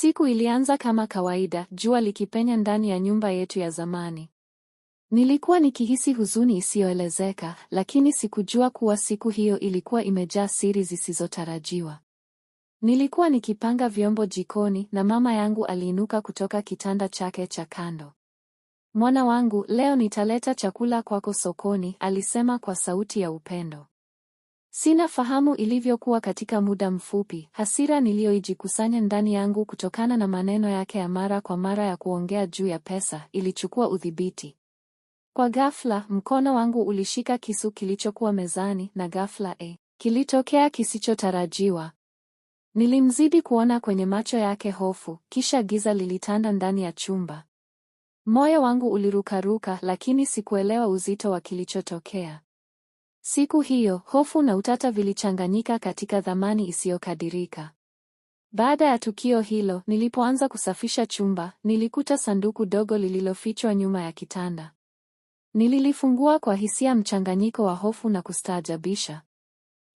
Siku ilianza kama kawaida, jua likipenya ndani ya nyumba yetu ya zamani. Nilikuwa nikihisi huzuni isiyoelezeka, lakini sikujua kuwa siku hiyo ilikuwa imejaa siri zisizotarajiwa. Nilikuwa nikipanga vyombo jikoni na mama yangu aliinuka kutoka kitanda chake cha kando. Mwana wangu, leo nitaleta chakula kwako sokoni, alisema kwa sauti ya upendo. Sina fahamu ilivyokuwa katika muda mfupi, hasira niliyoijikusanya ndani yangu kutokana na maneno yake ya mara kwa mara ya kuongea juu ya pesa ilichukua udhibiti. Kwa ghafla, mkono wangu ulishika kisu kilichokuwa mezani na ghafla e, kilitokea kisichotarajiwa. Nilimzidi kuona kwenye macho yake hofu, kisha giza lilitanda ndani ya chumba. Moyo wangu ulirukaruka, lakini sikuelewa uzito wa kilichotokea. Siku hiyo hofu na utata vilichanganyika katika dhamani isiyokadirika. Baada ya tukio hilo, nilipoanza kusafisha chumba, nilikuta sanduku dogo lililofichwa nyuma ya kitanda. Nililifungua kwa hisia mchanganyiko wa hofu na kustaajabisha.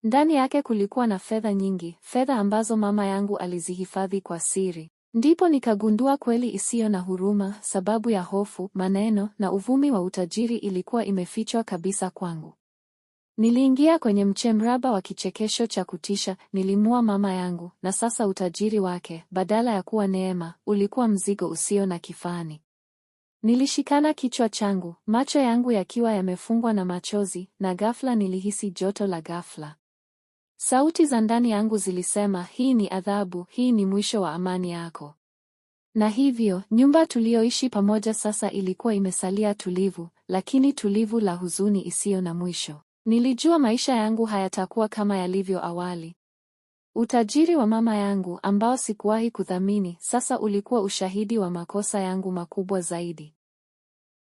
Ndani yake kulikuwa na fedha nyingi, fedha ambazo mama yangu alizihifadhi kwa siri. Ndipo nikagundua kweli isiyo na huruma, sababu ya hofu, maneno na uvumi wa utajiri ilikuwa imefichwa kabisa kwangu. Niliingia kwenye mchemraba wa kichekesho cha kutisha. Nilimua mama yangu, na sasa utajiri wake badala ya kuwa neema ulikuwa mzigo usio na kifani. Nilishikana kichwa changu, macho yangu yakiwa yamefungwa na machozi, na ghafla nilihisi joto la ghafla. Sauti za ndani yangu zilisema, hii ni adhabu, hii ni mwisho wa amani yako. Na hivyo nyumba tuliyoishi pamoja sasa ilikuwa imesalia tulivu, lakini tulivu la huzuni isiyo na mwisho. Nilijua maisha yangu hayatakuwa kama yalivyo awali. Utajiri wa mama yangu ambao sikuwahi kudhamini, sasa ulikuwa ushahidi wa makosa yangu makubwa zaidi.